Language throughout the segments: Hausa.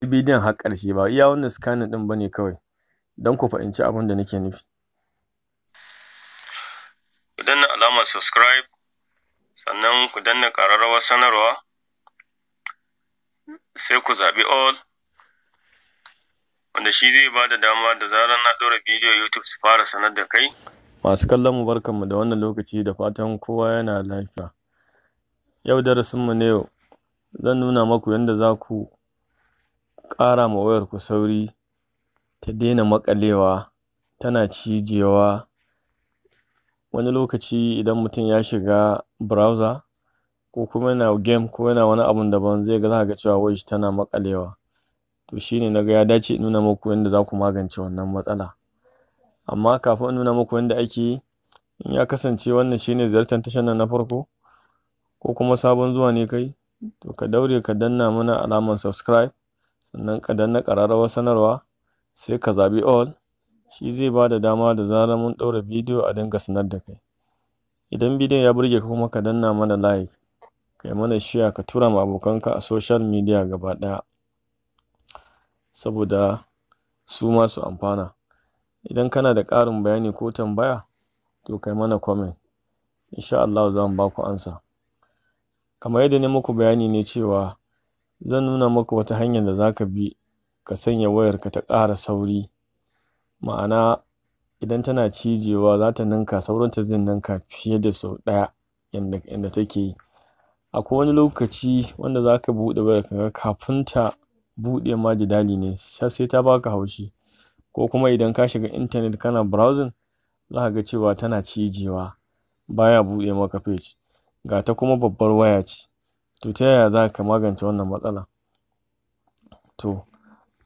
kalli bidiyon har ƙarshe ba iya wannan din ɗin ne kawai don ku fahimci abin da nake nufi. Ku danna alamar subscribe sannan ku danna ƙararrawar sanarwa sai ku zaɓi all wanda shi zai ba da dama da zarar na ɗora bidiyo YouTube su fara sanar da kai. Masu kallon mu barkanmu da wannan lokaci da fatan kowa yana lafiya. Yau darasinmu ne yau zan nuna maku yadda za ku ƙara ma wayarku sauri, ta daina maƙalewa tana cijewa. Wani lokaci idan mutum ya shiga browser ko kuma yana game ko yana wani abun daban zai ga zaka ga cewa wayarshi tana maƙalewa. To shi ne ya dace in nuna muku yanda za magance wannan matsala. Amma kafin in nuna muku yanda ake yi, in ya kasance wannan shine ne ziyartar tashan nan na farko ko kuma sabon zuwa ne kai, to ka daure ka danna mana alaman subscribe sannan ka danna ƙararrawar sanarwa sai ka zaɓi all shi zai ba da dama da zarar mun ɗaura bidiyo a dinga sanar da kai idan bidiyon ya burge kuma ka danna mana like kai mana share ka tura ma abokanka a social media gaba ɗaya saboda su ma su amfana idan kana da ƙarin bayani ko tambaya to kai mana comment insha Allah za mu ba ku ansa kamar yadda ne muku bayani ne cewa zan nuna maka wata hanyar da za ka bi ka sanya wayarka ta ƙara sauri, ma'ana idan tana cijewa za ta ninka ta zai ninka fiye da sau ɗaya yanda take yi. Akwai wani lokaci wanda za ka buɗe wayar ka ga kafin ta buɗe ma jidali ne har sai ta baka haushi ko kuma idan ka shiga intanet kana browsing za ka ga cewa tana cijewa baya buɗe maka page, ga ta kuma babbar waya ce. To ta yaya za ka magance wannan matsala? To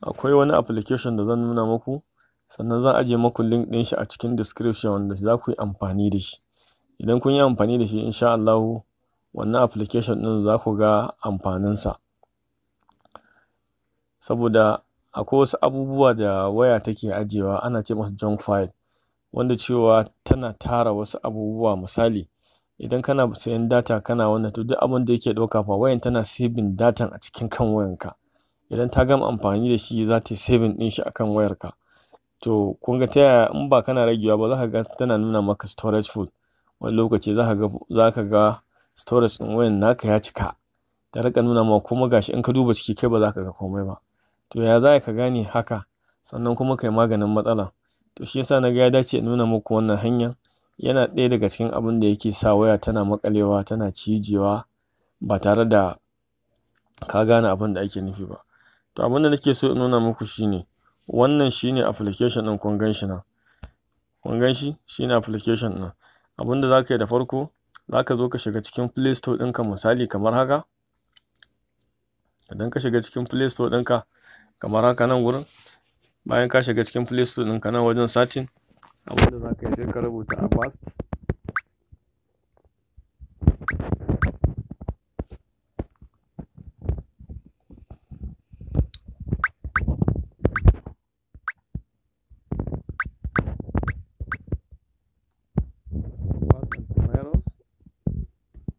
akwai wani application da zan nuna muku? sannan zan ajiye maku link ɗin shi a cikin description wanda za ku yi amfani da shi. Idan kun yi amfani da shi in sha Allahu wannan application ɗin za ku ga sa Saboda akwai wasu abubuwa da waya take ajiyewa ana ce masu junk file wanda cewa tana tara wasu abubuwa misali idan kana sayan data kana wannan to duk abin da yake ɗauka fa wayan tana saving datan a cikin kan wayanka idan ta gama amfani da shi za ta saving ɗin shi a kan wayarka to kun ga ta yaya in ba kana ragewa ba za ka ga tana nuna maka storage full wani lokaci za ka ga storage ɗin wayan naka ya cika ta rika nuna ma kuma gashi in ka duba ciki kai ba za ka ga komai ba to ya za ka gane haka sannan kuma kai maganin matsalan to shi yasa na ga ya dace in nuna muku wannan hanyar yana ɗaya daga cikin abin da yake sa waya tana maƙalewa tana cijewa ba tare da ka gane abin da ake nufi ba to abin da nake so in nuna muku shine wannan shine application ɗin kun gan shi nan kun gan shi shine application ɗin abin da zaka yi da farko zaka zo ka shiga cikin play store ɗinka misali kamar haka idan ka shiga cikin play store ɗinka kamar haka nan gurin bayan ka shiga cikin play store ɗinka nan wajen satin abinda za ka yi sai ka rubuta avast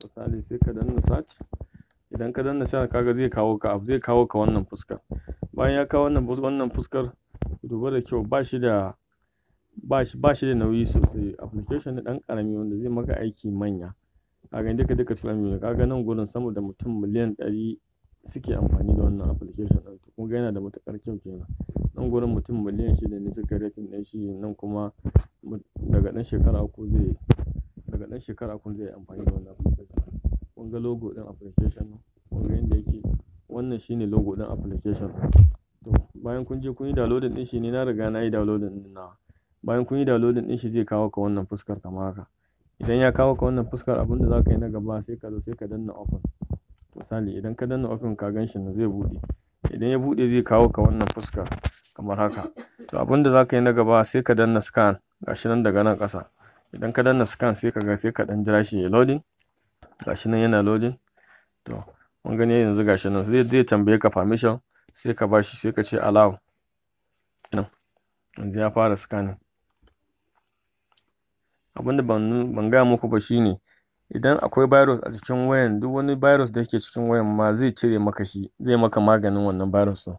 misali sai ka danna search idan ka danna search kaga zai kawo ka abu zai kawo ka wannan fuskar bayan ya kawo wannan wannan fuskar duba da kyau ba shi da ba shi da nauyi sosai application ne ɗan ƙarami wanda zai maka aiki manya kaga duka duka tura miliyan kaga nan gurin sama da mutum miliyan ɗari suke amfani da wannan application ɗin to ga yana da matuƙar kyau kenan nan gurin mutum miliyan shida ne suka rating ɗin shi nan kuma daga ɗan shekara uku zai daga ɗan shekara uku zai amfani da wannan application kun ga logo ɗin application ɗin kun ga yadda yake wannan shine logo ɗin application to bayan kun je kun yi downloading ɗin shi ne na riga na yi downloading ɗin nawa bayan kun yi downloading din shi zai kawo ka wannan fuskar kamar haka idan ya kawo ka wannan fuskar abin da za ka yi na gaba sai ka zo sai ka danna open misali idan ka danna open ka gan shi nan zai buɗe idan ya buɗe zai kawo ka wannan fuskar kamar haka to abin da za ka yi na gaba sai ka danna scan gashi nan daga nan ƙasa idan ka danna scan sai ka ga sai ka dan jira shi loading gashi nan yana loading to mun gani yanzu gashi nan zai zai tambaye ka permission sai ka bashi sai ka ce allow nan yanzu ya fara scanning abun ban ban gaya muku ba shine idan akwai virus a cikin wayan duk wani virus da yake cikin wayan ma zai cire maka shi zai maka maganin wannan virus ɗin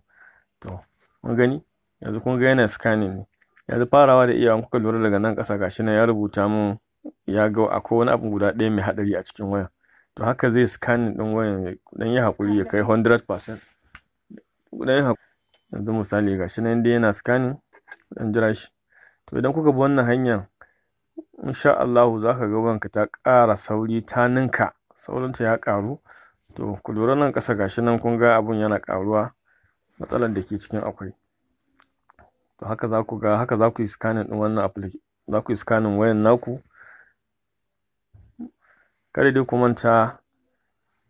to kun gani yanzu kun ga yana scanning ne yanzu farawa da iyawan kuka lura daga nan ƙasa gashi nan ya rubuta mu ya ga akwai wani abu guda ɗaya mai haɗari a cikin wayan to haka zai scanning ɗin wayan dan ya haƙuri ya kai 100% dan yanzu misali gashi nan dai yana scanning dan jira shi to idan kuka bi wannan hanyar insha Allahu za ka ga wanka ta ƙara sauri ta ninka saurinta ya ƙaru to ku lura nan ƙasa gashi nan kun ga abun yana ƙaruwa matsalar da ke cikin akwai to haka za ku ga haka za ku yi scanin ɗin wannan application za ku yi scanin wayan naku kada dai ku manta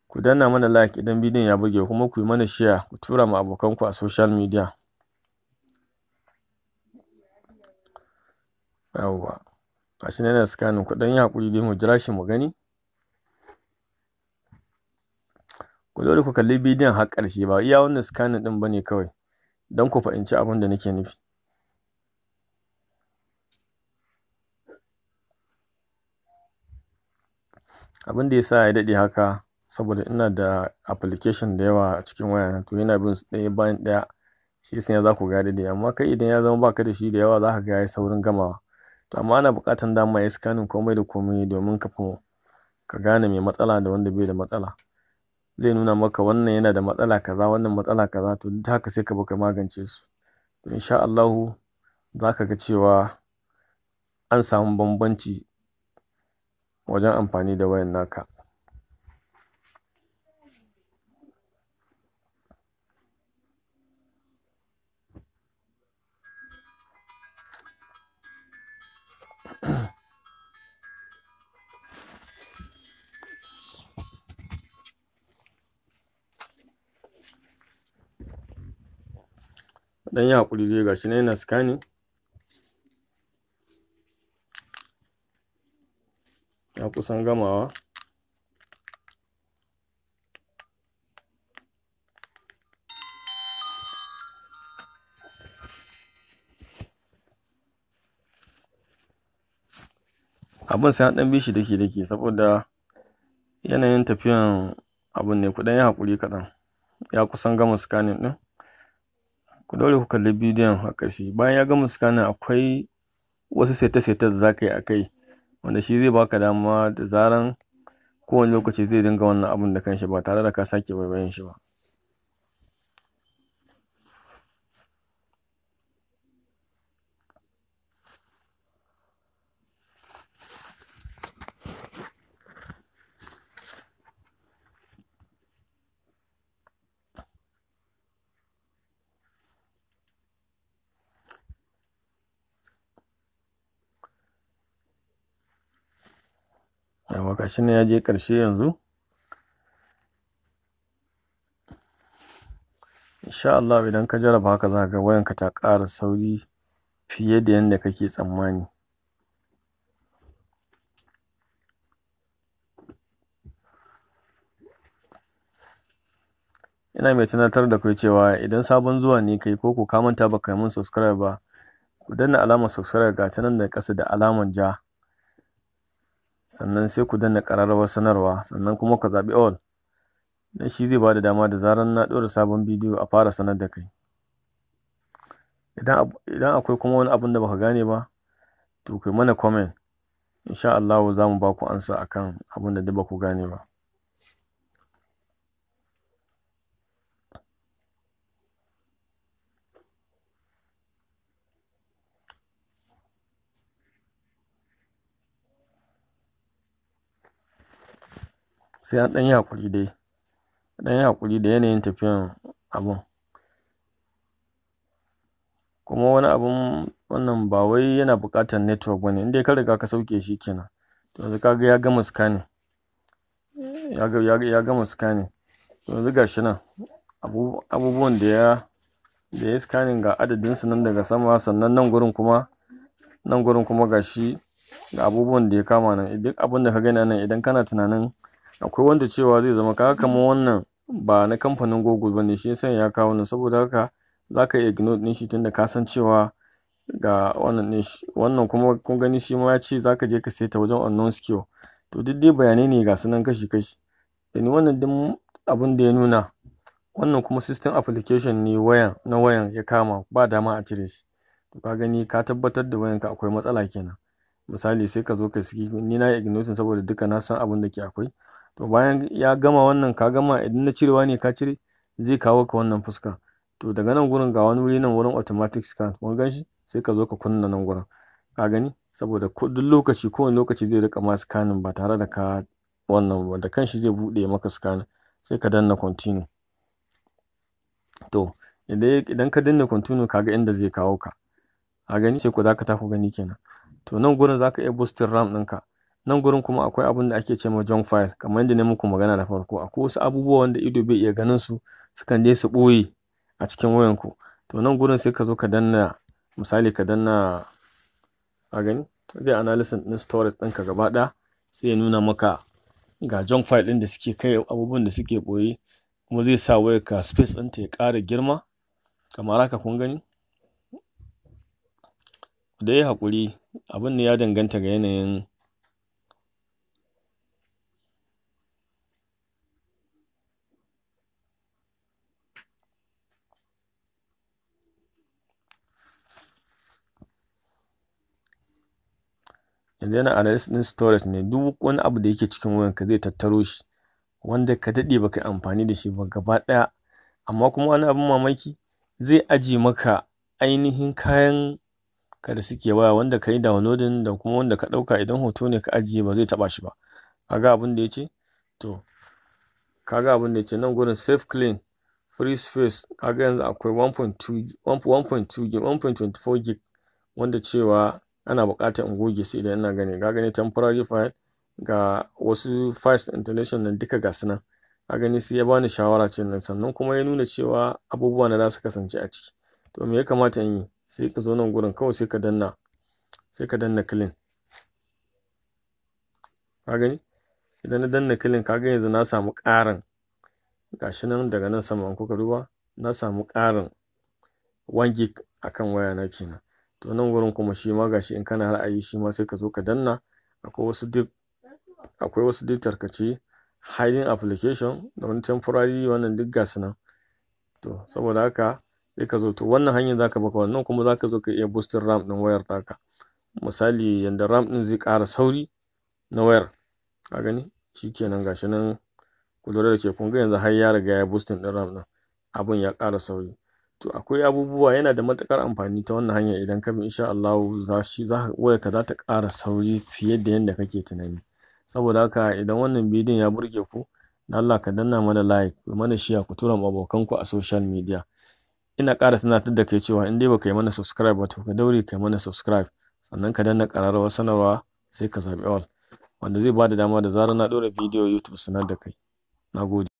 ku danna mana like idan bidiyon ya burge kuma ku yi mana share ku tura ma abokanku a social media yawwa gashi na yana scanning ku ya haƙuri hakuri dai mu jira shi mu gani ku zo ku kalli bidiyon har ƙarshe ba iya wannan scanning din ne kawai don ku fahimci abin da nake nufi abin da ya sa ya daɗe haka saboda ina da application da yawa a cikin waya na to yana bin su ɗaya bayan ɗaya shi ya za ku ga daidai amma kai idan ya zama baka da shi da yawa za ka ga yayi saurin gamawa to amma ana buƙatar dama ya scanning komai da komai domin kafin ka gane mai matsala da wanda bai da matsala zai nuna maka wannan yana da matsala kaza wannan matsala kaza to duk haka sai ka bi ka magance su to insha Allahu za ka ga cewa an samu bambanci wajen amfani da wayan naka ɗan yi haƙuri dai gashi nan yana scanning ya kusan gamawa abin sai an bishi da ke dake-dake saboda yanayin tafiyan abin ne ku ɗan haƙuri kaɗan ya kusan gama scanning ɗin ku daure ku kalli bidiyon a ƙarshe bayan ya gama scanner akwai wasu seta da za ka yi a kai wanda shi zai baka dama da zaran kowane lokaci zai dinga wannan abin da kanshi ba tare da ka sake bayan shi ba ga shi ya je ƙarshe yanzu insha Allah idan ka jaraba haka za ga wayanka ta ƙara sauri fiye da yadda kake tsammani ina mai tunatar da kai cewa idan sabon zuwa ne kai ko ku ka ba baka yi min subscribe ba ku danna alamar subscribe ga ta nan da kasa da alamar ja sannan sai ku danna ƙararrawar sanarwa sannan kuma ka zaɓi all dan shi zai ba da dama da zarar na ɗora sabon bidiyo a fara sanar da kai idan akwai kuma wani abun da baka gane ba to kai mana comment insha Allah za mu ba ku ansa akan abun da duk ba ku gane ba sai an ɗan yi haƙuri dai ɗan haƙuri da yanayin tafiyan abun kuma wani abun wannan ba wai yana buƙatar network bane inda ya ka riga ka sauke shi kenan to yanzu ka ga ya gama scanning ya gama scanning to yanzu ga shi nan abubuwan da ya da ya scanning ga adadin su nan daga sama sannan nan gurin kuma nan gurin kuma ga shi ga abubuwan da ya kama nan duk abun da ka gani nan idan kana tunanin akwai wanda cewa zai zama kaga kamar wannan ba na kamfanin google bane shi yasa ya kawo nan saboda haka zaka iya ignore din shi tunda ka san cewa ga wannan din shi kuma kun gani shi ma ya ce zaka je ka saita wajen unknown skill to duk dai bayanai ne ga su nan kashi kashi yani wannan din abin da ya nuna wannan kuma system application ne wayan na wayan ya kama ba dama a cire shi to ka gani ka tabbatar da wayanka akwai matsala kenan misali sai ka zo ka ski ni na yi ignoring saboda duka na san abin da ke akwai to bayan ya gama wannan ka gama idan na cirewa ne ka cire zai kawo ka wannan fuska to daga nan gurin ga wani wuri nan wurin automatic scan mun gan sai ka zo ka kunna nan gurin ka gani saboda duk lokaci kowane lokaci zai rika ma scanning ba tare da ka wannan ba da kanshi zai buɗe maka scanning sai ka danna continue to idan ka danna continue kaga inda zai kawo ka a gani sai ku za ka tafi gani kenan to nan gurin za ka iya boosting ram ɗinka nan gurin kuma akwai abin da ake ce ma junk file kamar yadda ne muku magana da farko akwai wasu abubuwa wanda ido bai iya ganin su sukan je su ɓoye a cikin wayan ku to nan gurin sai ka zo ka danna misali ka danna a gani zai analysis ɗin storage ɗinka gaba ɗaya sai ya nuna maka ga junk file ɗin da suke kai abubuwan da suke ɓoye kuma zai sa ka space ta ya ƙara girma kamar haka kun gani da ya haƙuri abin ne ya danganta ga yanayin yanzu yana analysis din storage ne duk wani abu da yake cikin wayanka zai tattaro shi wanda ka daɗe baka amfani da shi ba gaba daya amma kuma wani abin mamaki zai aje maka ainihin kayan ka da suke waya wanda ka yi downloading da kuma wanda ka ɗauka idan hoto ne ka ajiye ba zai taba shi ba kaga abin da yace to kaga abin da ya nan gurin safe clean free space kaga yanzu akwai 1.2 1.24 gig wanda cewa ana buƙatar in goge su idan ina gani ga gani temporary file ga wasu files installation nan duka ga su gani sai ya bani shawara ce nan sannan kuma ya nuna cewa abubuwa na za su kasance a ciki to me ya kamata in yi sai ka zo nan gurin kawai sai ka danna sai ka danna clean ka gani idan na danna clean ka gani yanzu na samu ƙarin gashi nan daga nan sama in kuka duba na samu ƙarin 1 gig akan waya na kenan to nan gurin kuma shi ma gashi in kana ra'ayi shi ma sai ka zo ka danna akwai wasu duk akwai wasu duk tarkace hiding application da wani temporary wannan duk gasu nan to saboda haka sai ka zo to wannan hanyar zaka baka wannan kuma zaka zo ka iya boosting ram din wayar taka misali yanda ram din zai ƙara sauri na wayar a gani shikenan gashi nan ku lura da ke kun yanzu har ya riga ya boosting din ram din abun ya ƙara sauri to akwai abubuwa yana da matukar amfani ta wannan hanya idan ka bi insha Allah za shi za ka za ta ƙara sauri fiye da yadda kake tunani saboda haka idan wannan bidiyon ya burge ku dan Allah ka danna mana like mana share ku tura ma abokanku a social media ina ƙara tunatar da kai cewa in dai baka yi mana subscribe ba to ka daure kai mana subscribe sannan ka danna ƙararrawar sanarwa sai ka zabi all wanda zai ba da dama da zarar na ɗora bidiyo YouTube sanar da kai nagode